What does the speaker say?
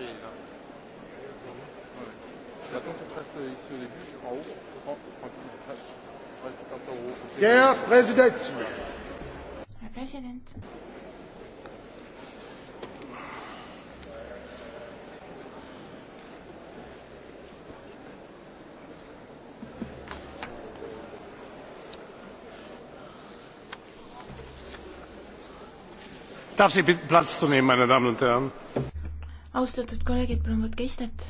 Et là. Voilà. Maintenant, tu presses ici au début, en haut, prends, prends, presse, presse un peu en haut. Herr Präsident! Herr Präsident! darf ich sie bitten platz zu nehmen meine damen und herren! austatud kolleegid, palun võtke istet